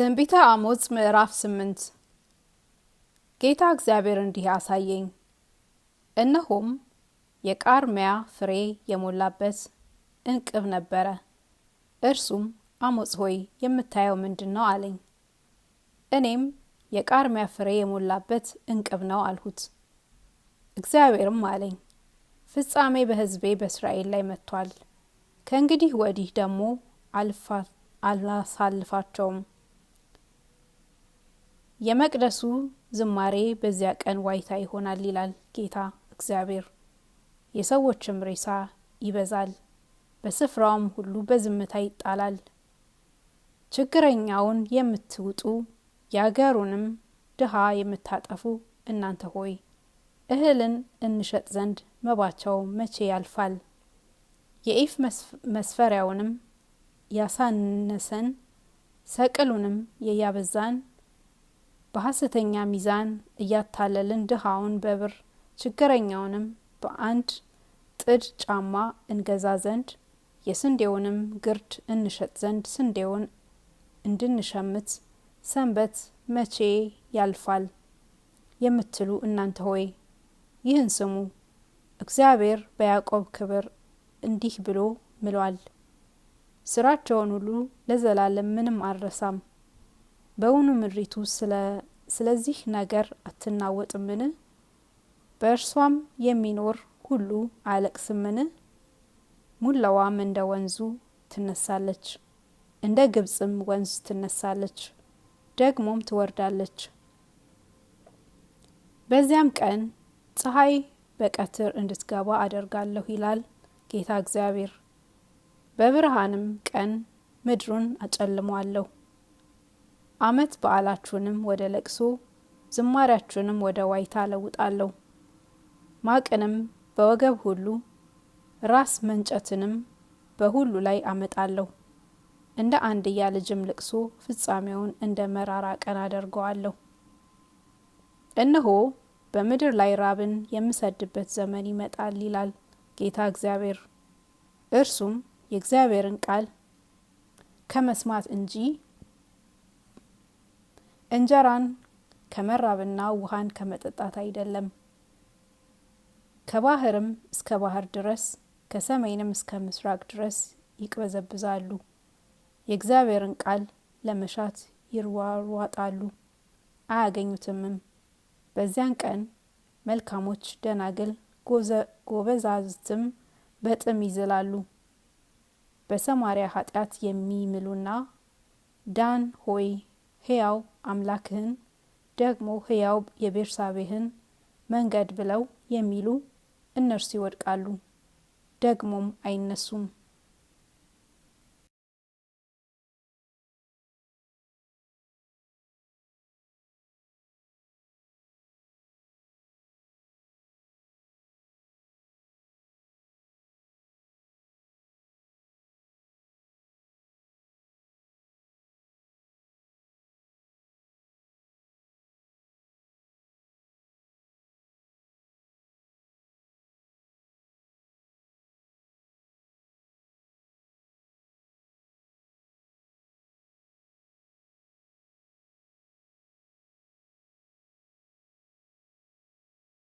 ትንቢተ አሞጽ ምዕራፍ ስምንት ጌታ እግዚአብሔር እንዲህ አሳየኝ፣ እነሆም የቃርሚያ ፍሬ የሞላበት እንቅብ ነበረ። እርሱም አሞጽ ሆይ የምታየው ምንድን ነው አለኝ። እኔም የቃርሚያ ፍሬ የሞላበት እንቅብ ነው አልሁት። እግዚአብሔርም አለኝ፣ ፍጻሜ በሕዝቤ በእስራኤል ላይ መጥቷል። ከእንግዲህ ወዲህ ደግሞ አላሳልፋቸውም የመቅደሱ ዝማሬ በዚያ ቀን ዋይታ ይሆናል ይላል ጌታ እግዚአብሔር። የሰዎችም ሬሳ ይበዛል፣ በስፍራውም ሁሉ በዝምታ ይጣላል። ችግረኛውን የምትውጡ የአገሩንም ድሃ የምታጠፉ እናንተ ሆይ እህልን እንሸጥ ዘንድ መባቸው መቼ ያልፋል? የኢፍ መስፈሪያውንም ያሳነሰን ሰቅሉንም የያበዛን በሐሰተኛ ሚዛን እያታለልን ድሃውን በብር ችግረኛውንም በአንድ ጥድ ጫማ እንገዛ ዘንድ የስንዴውንም ግርድ እንሸጥ ዘንድ ስንዴውን እንድንሸምት ሰንበት መቼ ያልፋል የምትሉ እናንተ ሆይ ይህን ስሙ። እግዚአብሔር በያዕቆብ ክብር እንዲህ ብሎ ምሏል፣ ስራቸውን ሁሉ ለዘላለም ምንም አልረሳም። በውኑ ምድሪቱ ስለዚህ ነገር አትናወጥምን? በእርሷም የሚኖር ሁሉ አያለቅስምን? ሙላዋም እንደ ወንዙ ትነሳለች፣ እንደ ግብጽም ወንዝ ትነሳለች፣ ደግሞም ትወርዳለች። በዚያም ቀን ፀሐይ በቀትር እንድትገባ አደርጋለሁ ይላል ጌታ እግዚአብሔር፣ በብርሃንም ቀን ምድሩን አጨልሟለሁ። አመት በዓላችሁንም ወደ ለቅሶ ዝማሪያችሁንም ወደ ዋይታ ለውጣለሁ። ማቅንም በወገብ ሁሉ ራስ መንጨትንም በሁሉ ላይ አመጣለሁ። እንደ አንድያ ልጅም ልቅሶ ፍጻሜውን እንደ መራራ ቀን አደርገዋለሁ። እነሆ በምድር ላይ ራብን የምሰድበት ዘመን ይመጣል ይላል ጌታ እግዚአብሔር። እርሱም የእግዚአብሔርን ቃል ከመስማት እንጂ እንጀራን ከመራብና ውሃን ከመጠጣት አይደለም። ከባህርም እስከ ባህር ድረስ ከሰሜንም እስከ ምስራቅ ድረስ ይቅበዘብዛሉ። የእግዚአብሔርን ቃል ለመሻት ይሯሯጣሉ፣ አያገኙትምም። በዚያን ቀን መልካሞች ደናግል ጎበዛዝትም በጥም ይዝላሉ። በሰማሪያ ኃጢአት የሚምሉና ዳን ሆይ ሕያው አምላክህን ደግሞ ሕያው የቤርሳቤህን መንገድ ብለው የሚሉ እነርሱ ይወድቃሉ ደግሞም አይነሱም።